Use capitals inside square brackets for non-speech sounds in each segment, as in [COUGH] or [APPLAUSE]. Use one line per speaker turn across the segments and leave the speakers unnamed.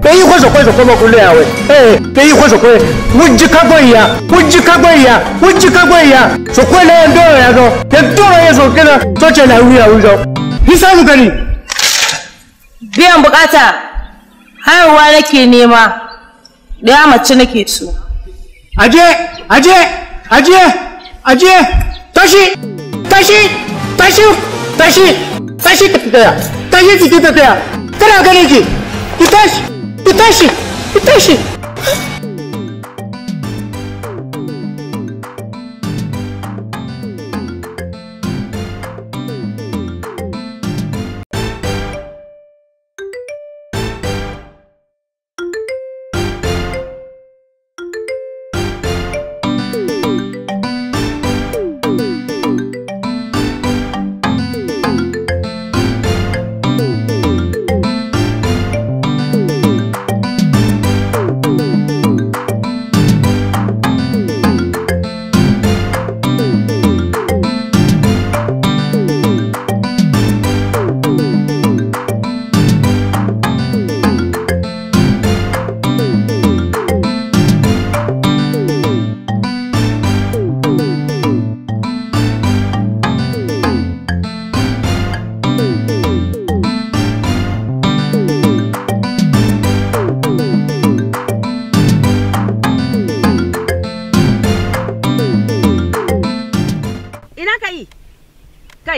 beyihoza kweza kwa makulu yawe
biyan bukata haihuwa nake nema da nake so aje aje aje aje tashi tashi
tashi tashi tashi tashi ki tashi Иташи! Иташи!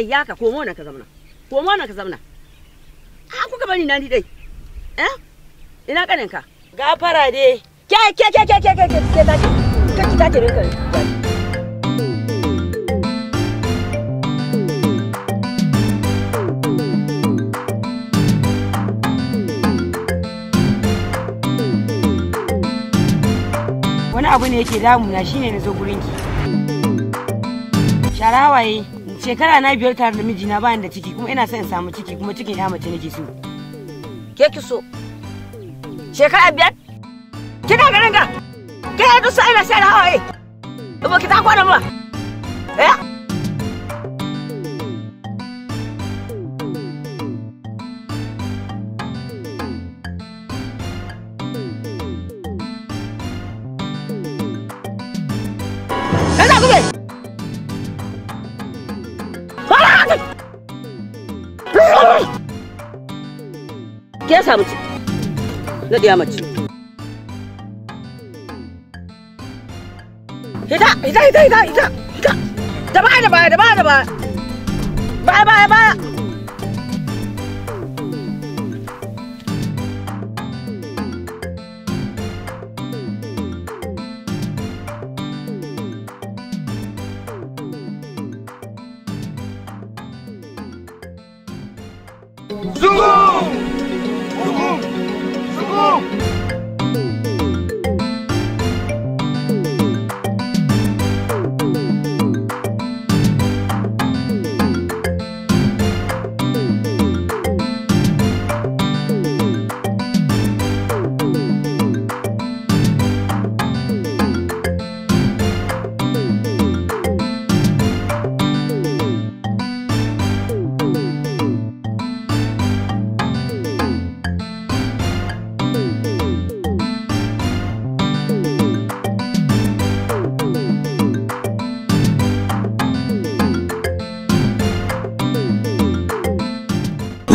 ya ka komo na ka zamna komo na ka zamna a kuka bani nan dai eh ina kanin ka gafara dai ke ke ke ke ke ke ke ke ta ke ta ke rinka wani abu ne yake damuna shine na zo gurinki sharawaye shekara na biyar tare da mijina ba da ciki kuma ina son in samu ciki kuma cikin ya mace nake so ke ki so shekara biyar kina ganin ga ke ya so ina sai da hawaye ba ki ta kwana ba na ɗaya mace. Hita, hita, hita, hita, hita, hita, da baya, da baya, da baya, da baya, baya, baya, baya. Zoom!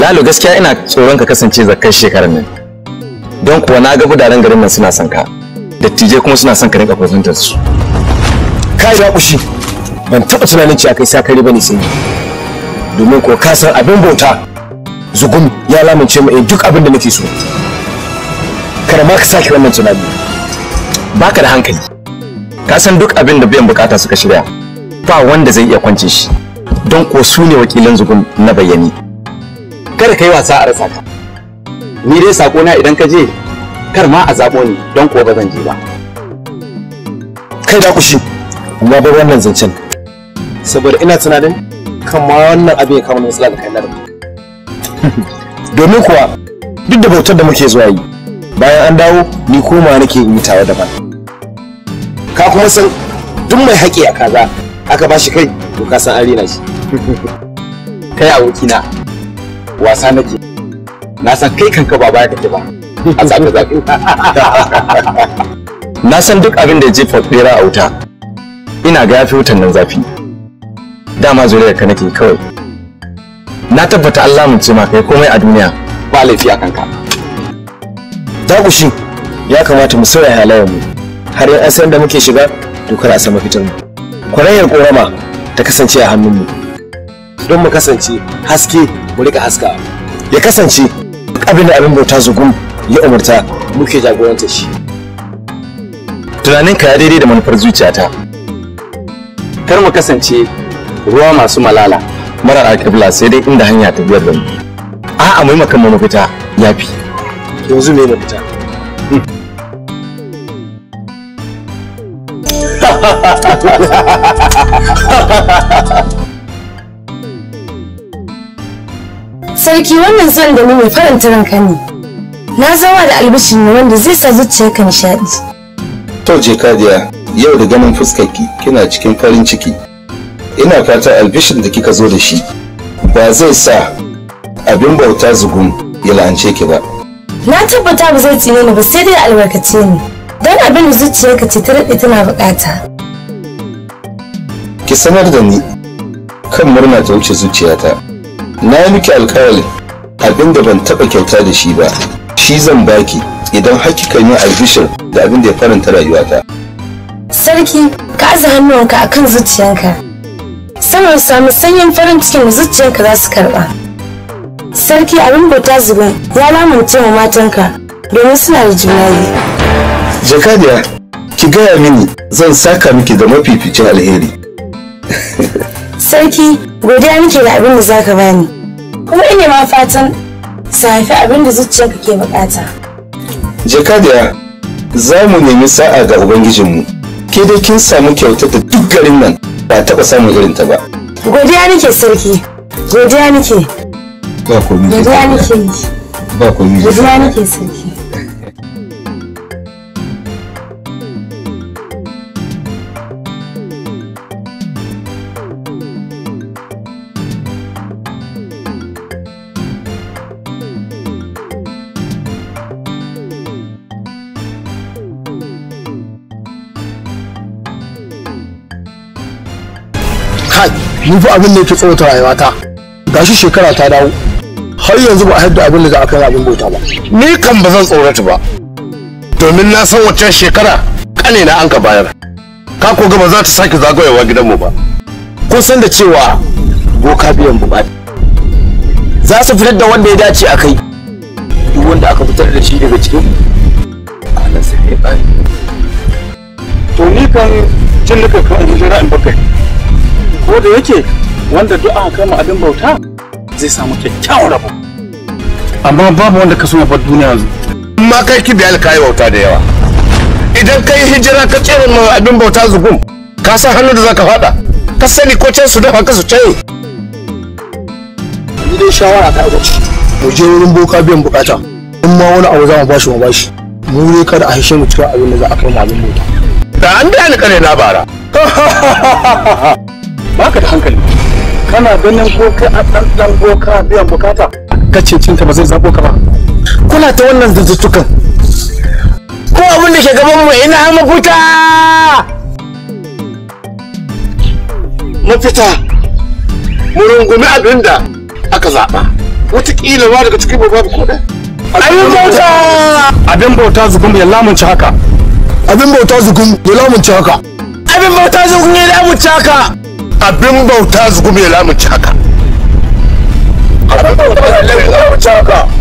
lalo gaskiya ina tsoron ka kasance zakkan shekarar nan don kuwa na ga gudanar garin nan suna son ka dattijai kuma suna son ka rinka kusantar su kai ba kushi ban taba tunanin cewa kai sakari bane sai domin ko ka san abin bauta zugum ya lamince mu duk abin da nake so kada ma ka sake wannan tunani baka da hankali ka san duk abin da biyan bukata suka shirya ba wanda zai iya kwance shi don ko su ne wakilan zugun na bayani kada ka yi wasa a rasa ka ni dai sako na idan ka je kar ma a zabo ni don kuwa ba zan je ba kai da kushi na bar wannan zancen saboda ina tunanin kan wannan abin ya kama na matsala da kai da [LAUGHS] domin kuwa duk da bautar da muke zuwa yi bayan an dawo ni koma nake yi tawa ba. ka kuma san duk mai haƙi a kaza aka ba shi kai to ka san an rina shi [LAUGHS] kai abokina wasa nake na san kai kanka ba baya kake ba a zaɓe zaɓe [LAUGHS] na san duk abin da ya jefa ɗera a wuta ina ga yafi wutan nan zafi dama zuriyar ka nake kawai na tabbata Allah mun ce ma kai komai a duniya ba laifi a kanka za ku shi ya kamata mu sauya halayen mu har yan san da muke shiga to kar a sama mafitar mu kwarayyar korama ta kasance a hannun mu don mu kasance haske mu rika haska ya kasance abin da abin bauta zugun ya umarta muke jagoranta shi tunaninka ya daidai da manufar zuciyata kar mu kasance ruwa masu malala mara alƙibla sai dai inda hanya ta biyar da mu a'a mai makan mu mafita ya fi yanzu me mafita ha ha ha ha ha ha
sarki wannan son da ni mai faranta ranka ne
na zama da albishin ne wanda zai sa zuciyarka nishaɗi to je kadiya yau da ganin fuskarki kina cikin farin ciki ina fata albishin da kika zo da shi ba zai sa abin bauta zugun ya la'ance ki ba
na tabbata ba zai tsine ni ba sai dai albarkace ni don abin da zuciyarka ce ta daɗe tana bukata
ki sanar da ni kan murna ta wuce zuciyata na yi miki alkawari abin ban taɓa kyauta da shi ba shi zan baki idan hakikan yi albishir da abin da ya faranta rayuwata
sarki ka aza hannuwanka akan zuciyanka saboda samu sanyin farin cikin zuciyanka za su karɓa sarki abin bauta zubin ya lamunce wa matanka domin suna da juna biyu
jakadiya ki gaya mini zan saka miki da mafificin alheri
[LAUGHS] Sarki, godiya nake da abin da za ka bani. Kuma ina ma fatan safi abin da zuciyarka ke bukata.
da za mu nemi sa'a ga Ubangijinmu. Ke dai kin samu kyauta da duk garin nan ba taɓa samun irin ta ba.
Godiya nake sarki, godiya nake.
Ba komai. Godiya nake. Ba komai. Godiya
nake sarki.
ni fa abin da yake tsawata rayuwata gashi shekara ta dawo har yanzu ba a yadda abin da za a kai abin bauta ba ni kan ba zan tsorata ba domin na san waccan shekara kane na an ka bayar ka ko ba za ta sake zagayewa gidanmu ba kun san da cewa boka biyan bukatu za su fitar da wanda ya dace a kai duk wanda aka fitar da shi daga cikin anan sai ya to ni kan cin nuka kan hijira in bakai ko da yake wanda duk an kama abin bauta zai samu kyakkyawan rabo amma babu wanda ka so ya bar duniya yanzu amma kai ki biyal kai bauta da yawa idan kai hijira ka tsere ma abin bauta zugum ka san hannu da zaka fada ka sani ko can su dafa ka su caye ni dai shawara ta gaci mu je wurin boka biyan bukata in ma wani abu za mu bashi mu bashi mu ne kada a haishe mu cikin abin da za a kai mu abin bauta da an biya ni kare na bara [LAUGHS] baka da hankali kana ganin ko kai a dan dan boka biyan bukata kace cinta ba zai zabo ka ba kuna ta wannan zuzzutukan ko abin da ke gaban mu ina mafita mafita mu rungumi abin da aka zaɓa wataƙila ma daga cikin babu kuɗi abin bauta abin bauta zugun ya lamunci haka abin bauta zugun ya lamunci haka abin bauta zugun ya lamunci haka abin bauta zugume lamunci haka abin bauta zugume lamunci haka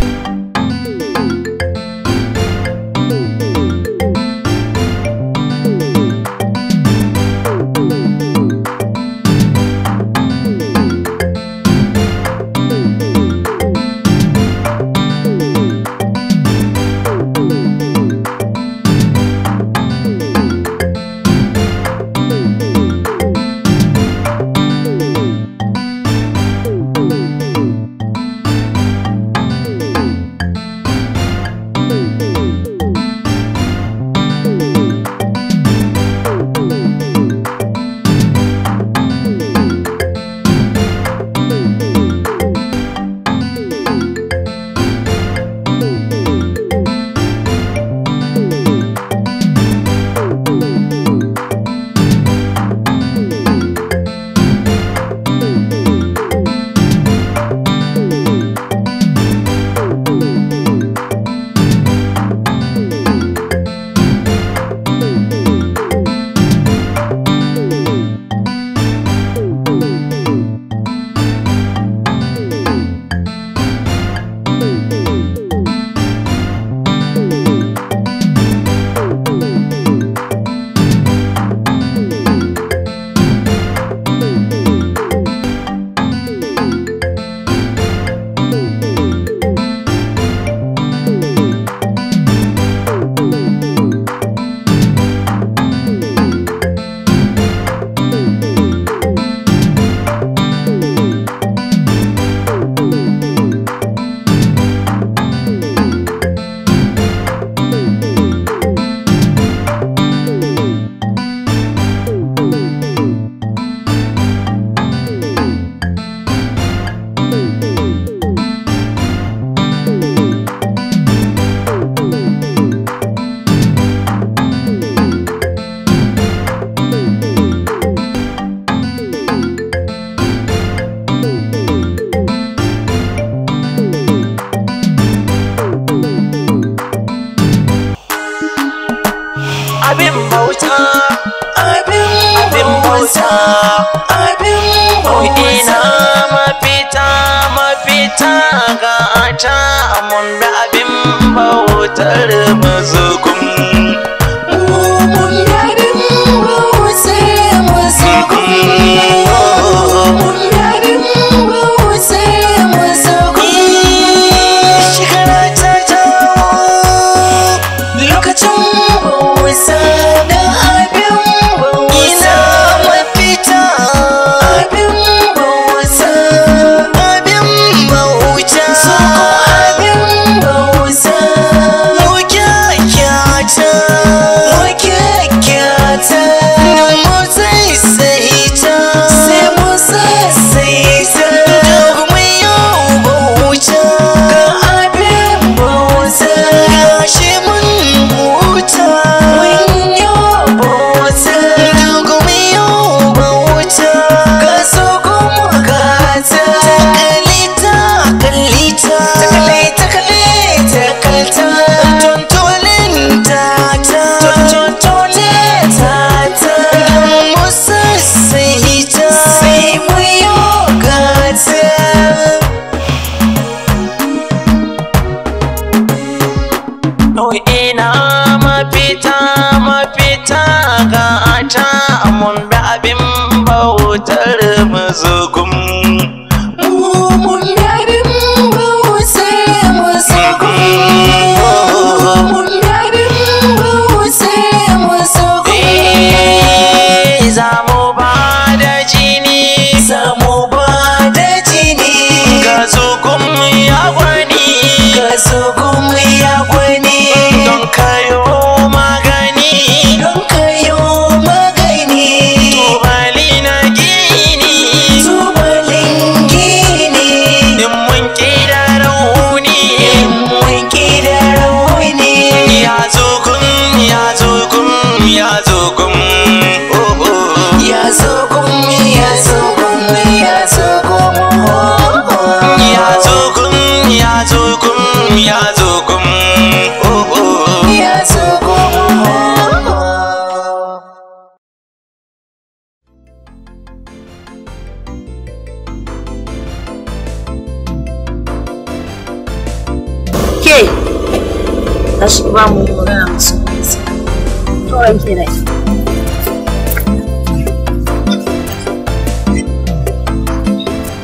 manta mun da abin bautar mazo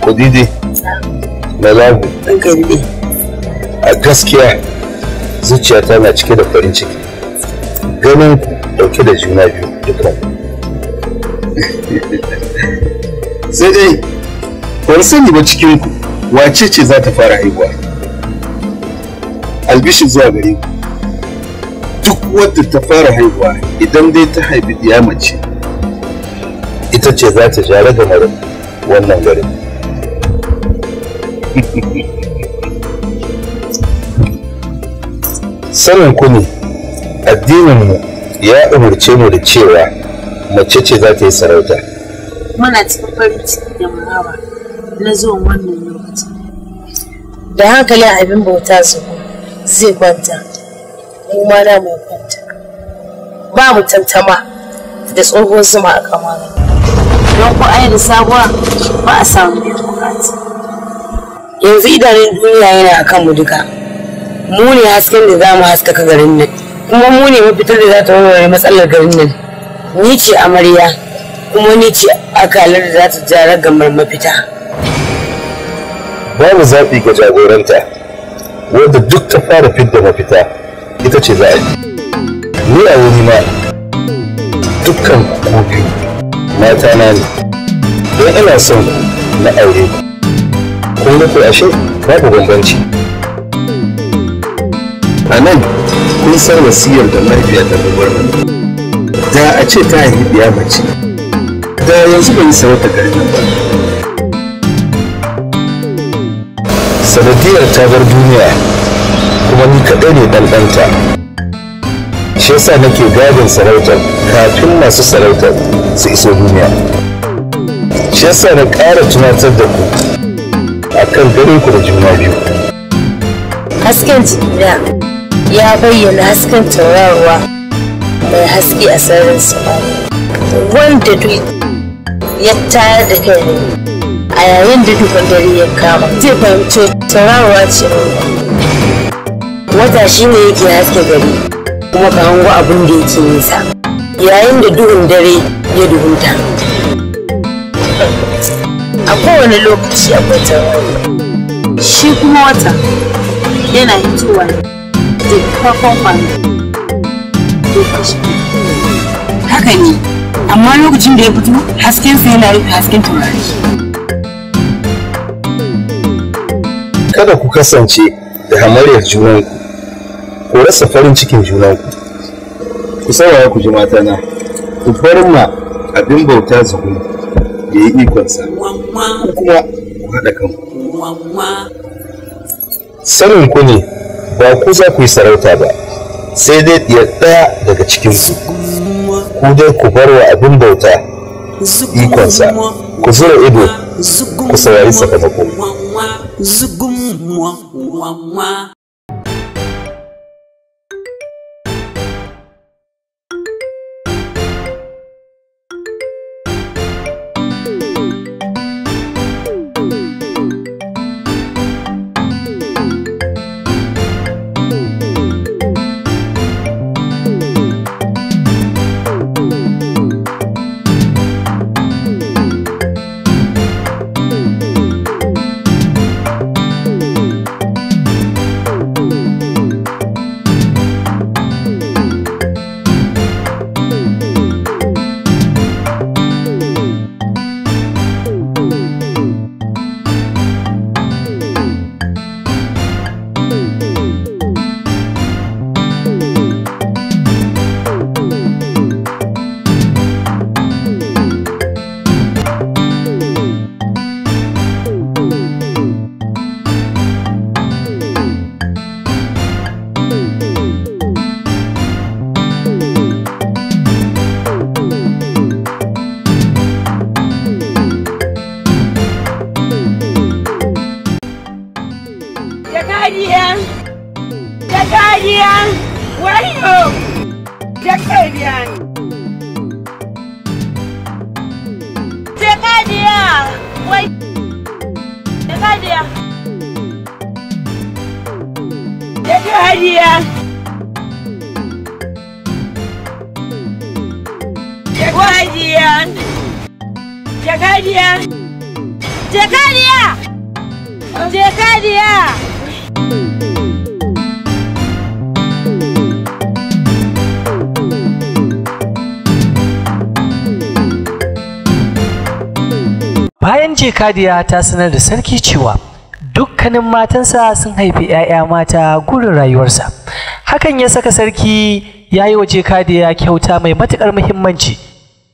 kudide na labu a gaskiya zuciya tana cike da farin ciki ganin dauke da juna biyu dukkan [LAUGHS] sai dai ban sani ba cikin ku wace ce za ta fara haihuwa albishi zuwa gare ku duk wadda ta fara haihuwa idan dai ta haifi diya mace ita ce za ta jara da wannan garin sanin ku ne addininmu ya umarce mu da cewa mace ce za ta yi sarauta
muna cikin farin ciki da murawa na zuwan wannan lokaci da hankalin abin bauta su zai kwanta mu ma na mai kwanta ba mu tantama da tsohon zuma a kamar don ku ai da sabuwa ba a samu biyan bukata yanzu idanun duniya yana a kanmu duka mu ne hasken da
za mu haskaka garin nan kuma mu ne mafitar da za ta warware matsalar garin nan ni ce amarya kuma ni ce akalar da za ta jara gamar mafita babu zaɓi ga jagoranta wadda duk ta fara fidda mafita ita ce za a yi ni a wuri ma dukkan ku mata na ne don ina son na aure ku ko nake ashe babu bambanci a nan kun san wasiyar da lafiya ta gabar da a ce ta haifi biya mace da yanzu ban sa wata garin ba sanadiyar ta bar duniya kuma ni kaɗai ne ɗanɗanta shi yasa nake gadin sarautar kafin masu sarautar su iso duniya shi yasa na ƙara tunatar da ku kan ganin ku da juna biyu
hasken jina ya bayyana hasken tauraruwa mai haske a sararin samari wanda duk ya tayar da kai a yayin da dukkan dare ya kama zai fahimci tauraruwa ce wata shine yake haske gari kuma ka hango abin da yake nisa yayin da duhun dare ya duhunta a kowane lokaci akwai taurari shi kuma wata yana hitowa ne da farkon kwanu haka ne
amma lokacin da ya fito hasken su yana rufe hasken taurari kada ku kasance da hamariyar junanku ku rasa farin cikin junanku ku saurara ku ji matana ku bar ma abin bauta zuwa ya yi ikonsa kuma haɗa kan sanin ku ne ba ku za ku yi sarauta ba sai dai ya ɗaya daga cikin ku ku dai ku bar wa abin bauta
ikonsa ku zura ido ku saurari sakamako ce kadiya ta sanar da sarki cewa dukkanin matansa sun haifi 'ya'ya mata gurin rayuwarsa hakan ya saka sarki ya yi wa jekadiya kyauta mai matuƙar muhimmanci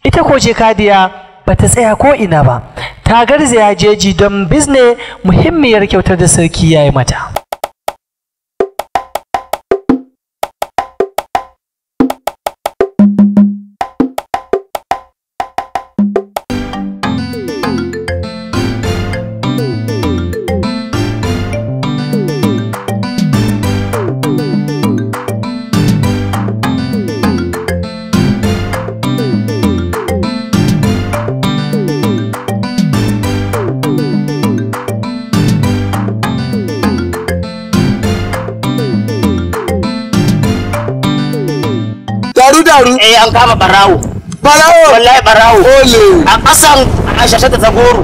ita ko jekadiya ba ta tsaya ko ina ba ta garzaya jeji don bizne muhimmiyar kyautar da sarki ya yi mata
eh an kama barawo barawo wallahi barawo ole a kasan ashashe ta zagoro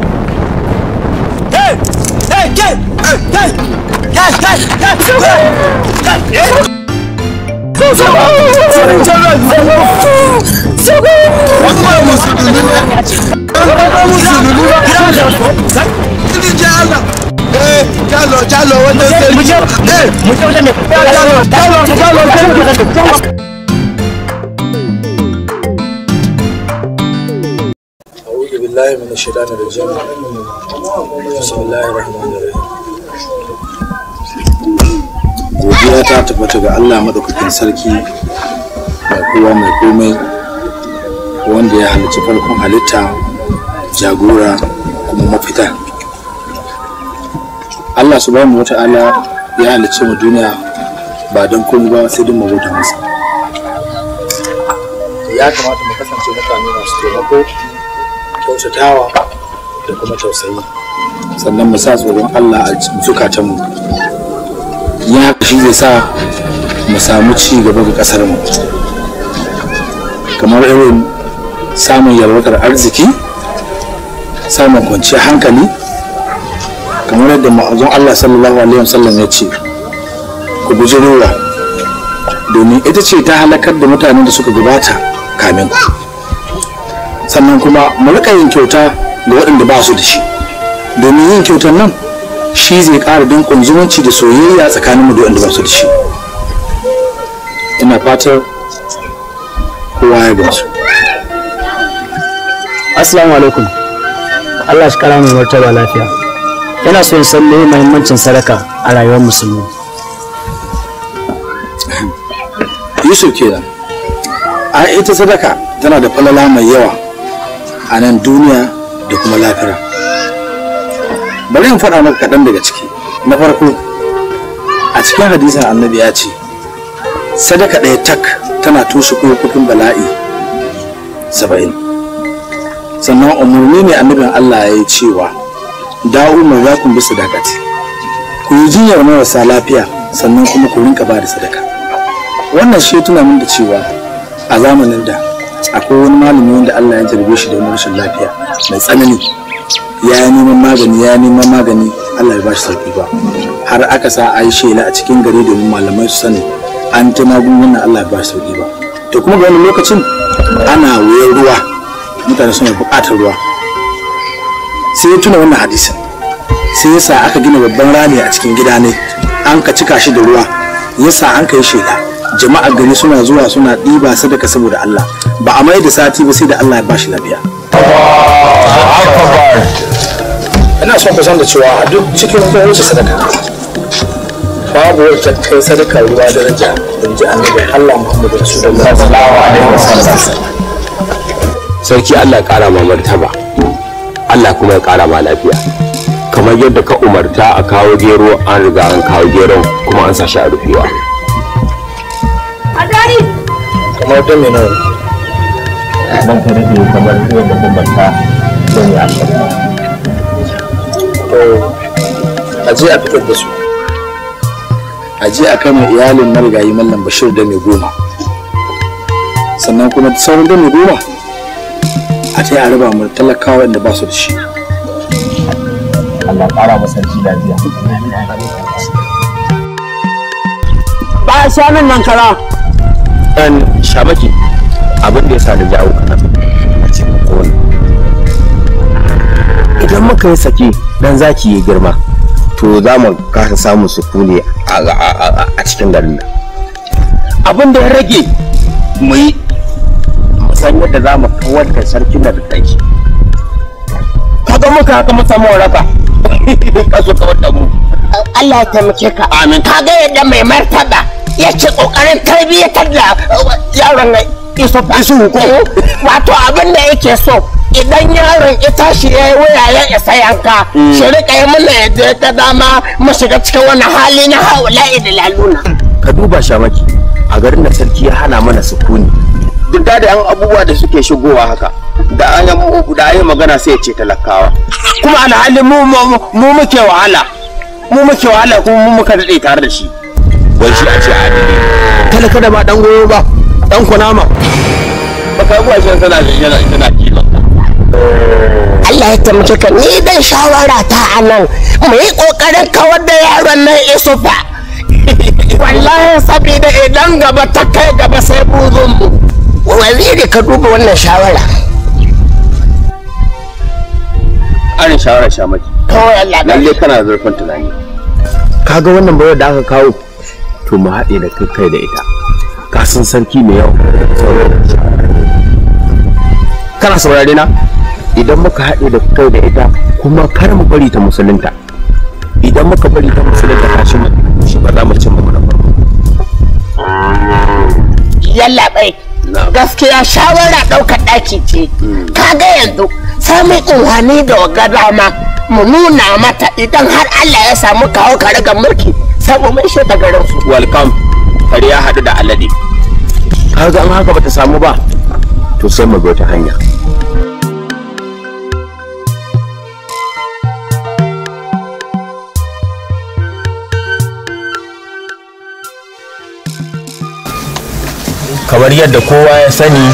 hey
hey hey hey hey hey hey
Jalo, jalo, wanda zai yi. Mu je, mu je wajen mai. Jalo, jalo, jalo, jalo, jalo. بالله من الشيطان الرجيم بسم الله الرحمن الرحيم godiya ta tabbata ga Allah madaukakin sarki mai kowa mai komai wanda ya halicci farkon halitta jagora kuma mafita Allah subhanahu wata'ala ya halicci mu duniya ba don komai ba sai don mabota masa ya kamata mu kasance mutane masu taimako kyautatawa da kuma tausayi sannan mu sa tsoron Allah a mu ya shi zai sa mu samu ci gaba ga kasar mu kamar irin samun yalwatar arziki samun kwanciyar hankali kamar yadda ma'azon Allah sallallahu alaihi wasallam ya ce ku guji rura domin ita ce ta halakar da mutanen da suka gabata kamin ku sannan kuma mu riƙa yin kyauta ga waɗanda ba su da shi domin yin kyautan nan shi zai ƙara danƙon zumunci da soyayya tsakanin mu da waɗanda ba su da shi ina fatar kowa ya su assalamu alaikum Allah shi kara mai martaba lafiya yana so in san me muhimmancin sadaka a rayuwar musulmi Yusuf kenan a ita sadaka tana da falala mai yawa a nan duniya da kuma lafira bari in faɗa maka kaɗan daga ciki na farko a cikin hadisin annabi ya ce sadaka ɗaya tak tana toshe kofofin bala'i saba'in sannan umarni ne annabin allah ya yi cewa dawo mai za ku bi sadakati ku yi jinyar marasa lafiya sannan kuma ku rinka ba da sadaka wannan shi tuna min da cewa a zamanin da akwai wani malami wanda Allah ya jarbe shi da wani rashin lafiya mai tsanani ya neman magani ya neman magani Allah ya bashi sauki ba har aka sa a yi shela a cikin gari domin malamai su sani an ta magunguna Allah ya bashi sauki ba to kuma ga wani lokacin ana wuyan ruwa mutane suna buƙatar ruwa sai ya tuna wannan hadisin sai yasa aka gina babban rami a cikin gida ne an ka cika shi da ruwa yasa an kai yi shela jama'a gari suna zuwa suna ɗiba sadaka saboda Allah ba a mai da sati ba sai da Allah ya bashi lafiya ina son ku san da cewa a duk cikin kowace sadaka babu wata kai sadaka ruwa daraja in ji annabi Allah Muhammadu sallallahu alaihi wasallam sarki Allah kara ma martaba Allah kuma ya kara ma lafiya kamar yadda ka umarta a kawo gero an riga an kawo geron kuma an sashi a rufewa kamar ta mai nawa ban ka rufe kamar tuwon da kun barka don ya a je a fitar da su a je a kama iyalin marigayi mallam bashir da mai goma sannan kuma sauran da mai goma a ta yi a raba mu talakawa inda ba su da shi Allah ƙara masa ji lafiya ba a shanun nan kara shamaki abin da ya sa da jawo kana na cikin kowane idan maka ya sake dan zaki ya girma to za mu kasa samun sukuni a cikin garin nan abin da ya rage mu yi san yadda za mu kawar da sarkin da ka kaga muka haka mu samu waraka [LAUGHS] ka so kawar da mu Allah ya taimake ka amin kaga yadda mai martaba ya yake kokarin tarbiyyatar da uh, yaron nan iso isu ko eh, wato abin da yake so idan yaron ya tashi ya yi waya ya isa yanka mm. shi rika yi mana yadda ta dama mu shiga cikin wani hali na haula da laluna ka duba shamaki a garin da sarki ya hana mana sukuni duk da yan abubuwa da suke shigowa haka da an yi da magana sai ya ce talakawa kuma alhali mu muke wahala mu muke wahala kuma mu muka daɗe tare da shi wai shi a ce adili talaka da ba dan goyo ba dan kunama baka ga shi tana yana tana kila
Allah ya taimake ka ni dan
shawara ta anan mu yi kokarin kawar da yaron nan Isufa wallahi saboda idan gaba ta kai gaba sai buzun mu waziri ka duba wannan shawara an shawara shamaki kawai Allah lalle kana zurfin tunani kaga wannan bayar da aka kawo to mu haɗe da kai da ita ka san sarki mai yau kana saurare na idan muka haɗe da kai da ita kuma kar mu bari ta musulunta idan muka bari ta musulunta ka shi shi ba za mu ci mu na farko
yalla bai gaskiya shawara ɗaukar ɗaki ce hmm.
ka ga yanzu samun tsohani da ma mu nuna mata idan har Allah ya samu kawo ka riga mulki sabo mai shi garin su welcome kare ya haɗu da alade ga an haka bata samu ba to sai mu zo ta hanya kamar yadda kowa ya sani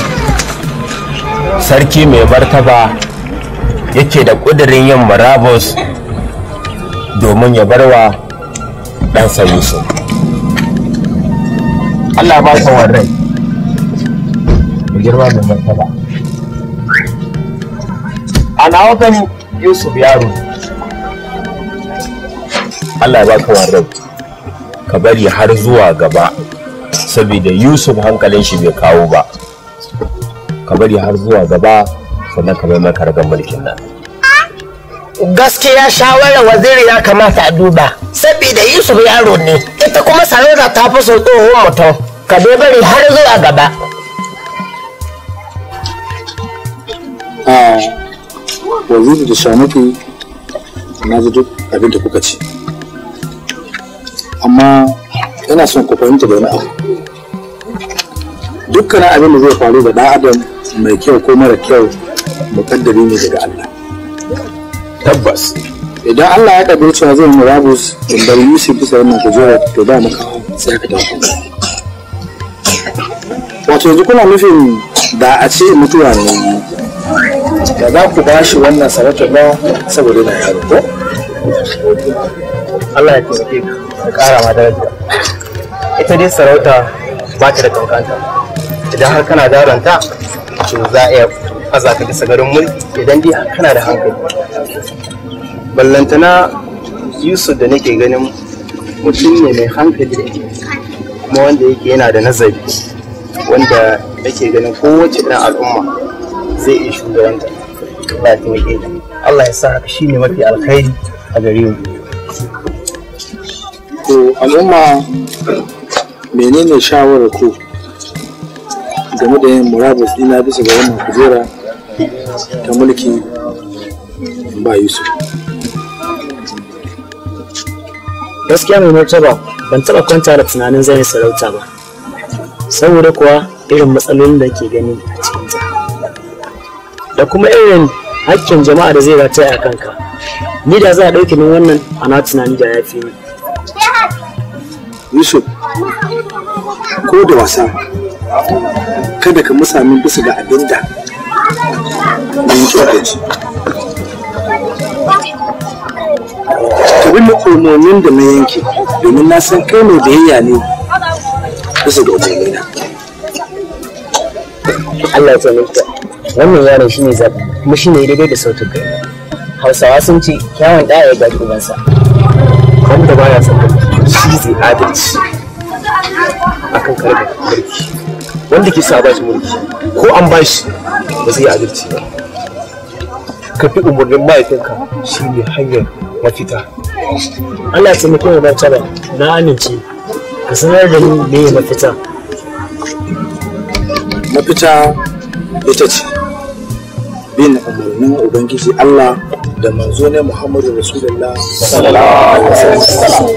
sarki mai martaba yake da ƙudurin yin marabus domin ya barwa ɗansa yusuf allah ba ka rai mu girma mai martaba a nawa gani yusuf yaro allah ba ka rai ka bari har zuwa gaba saboda yusuf hankalin shi bai kawo ba ka bari har zuwa gaba sannan ka maka ragar mulkin nan gaskiya shawarar waziri ya kamata a duba saboda yusuf yaro ne ita kuma sarauta ta fi sau tsohon mutum ka dai bari har zuwa gaba a ah, waziri da shamutu na ji duk abin da kuka ce amma yana son ku fahimta da wani abu dukkanin abin da zai faru da ɗan adam mai kyau ko mara kyau mukaddari ne daga Allah tabbas idan Allah ya kaddara cewa zai murabus in bar Yusuf bisa wannan kujerar to ba maka sai ka tafi wato yanzu kuna nufin da a ce mutuwa ne da za ku bashi wannan sarauta ba saboda yana yaro ko Allah ya taimake ka kara ma daraja ita dai sarauta ba ta da kankanta idan har kana daranta to za a iya a zaka da garin mulki idan dai kana da hankali ballantana yusuf da nake ganin mutum ne mai hankali kuma wanda yake yana da nazari wanda nake ganin kowace irin al'umma zai iya shugabanta ba ya Allah ya sa haka ne mafi alkhairi a gare mu to al'umma menene shawarar ku game da yin murabus ina bisa ga wannan kujera ta mulkin ba yusuf gaskiya mai martaba ban taɓa kwanta da tunanin zai sarauta ba saboda kuwa irin matsalolin da ke gani a cikinta da kuma irin hakkin jama'a da zai rataya a kanka ni da za a ɗauki min wannan ana tunani da ya fi yusuf ko da wasa kada ka musa min bisa ga abin da kyautaci ka bi umarnin da na yanke domin na san kai mai biyayya ne bisa ga umarni na Allah ya tsaye wannan yaron shi ne zabi kuma shi ne daidai da sautin kai Hausawa sun ce kyawun ɗaya ya gaji ubansa wanda baya son shi zai adalci akan karɓar mulki wanda ke sa ba shi mulki ko an ba shi ba zai adalci ba ka fi umarnin mahaifinka shi ne hanyar mafita Allah ya tsamaki mai ba na amince ka sanar da ni me mafita mafita ita ce bin umarnin ubangiji Allah da manzo ne Muhammadu Rasulullah sallallahu alaihi wasallam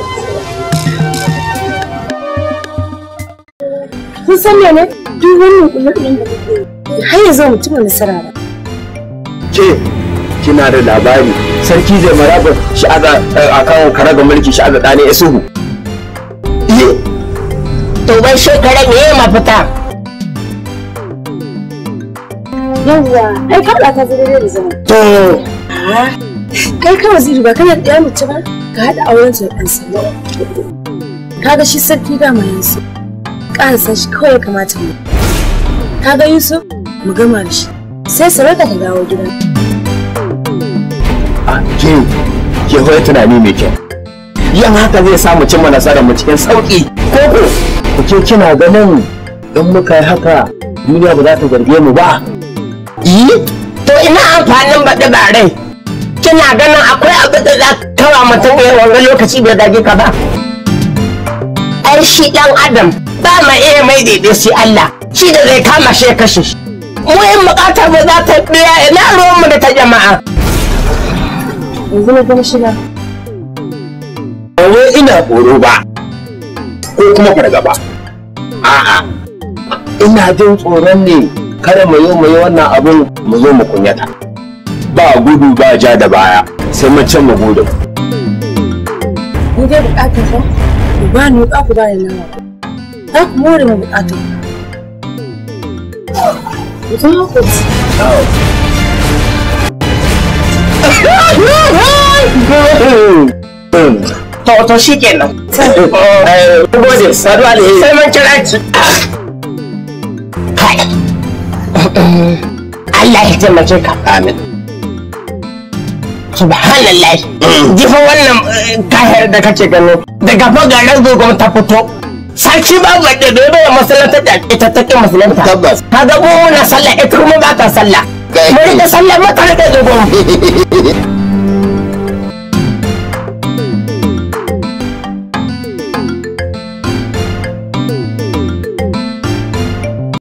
kun san ne duk wannan umarnin da yi har yanzu mutum nasara ba
ke kina da labari sarki zai maraba shi aga eh, a kawo ga mulki shi aga ɗane isuhu to bai shekara me ya mafita
yawwa ai kaɗa ka zira da zama to kai ka waziri ba kana da mace ba ka haɗa auren ta ɗan Ka kaga shi sarki dama yanzu ƙara san shi kawai kamata mu kaga yusuf mu gama da shi sai sarauta ta dawo gidan
ke ke hoya tunani mai kyau Yan haka zai samu cimma nasara mu cikin sauki ko ke kina ganin in muka yi haka duniya ba za ta zarge mu ba yi to ina amfanin baɗi ba rai kina ganin akwai abu da za kawa mutum ya wanga lokaci bai dage ka ba ai shi dan adam ba ma iya mai daidai sai Allah shi da zai kama shi ya kashe shi mu in bukatar mu za ta biya ina ruwanmu da ta jama'a yanzu na gama shiga ba wai ina horo ba ko kuma fargaba a'a ina jin tsoron ne kada mu yi mu yi wannan abin mu zo mu kunyata ba gudu ba ja da baya sai mu can mu gudu
ni dai bukatar fa ku ba ni ku ba ni nawa za ku more mu bukatar ku zama ku
to to shi kenan gode sadu alheri sai mun kira ki Allah ya taimake ka amin subhanallah mm. jifa wannan eh, kahiyar da kake gano daga fagarar zogon ta fito sarki babu wadda bai bai masalanta da ita take masalanta tabbas kaga mu muna sallah ita kuma ba ta sallah Bari da
sallar mata da dogon.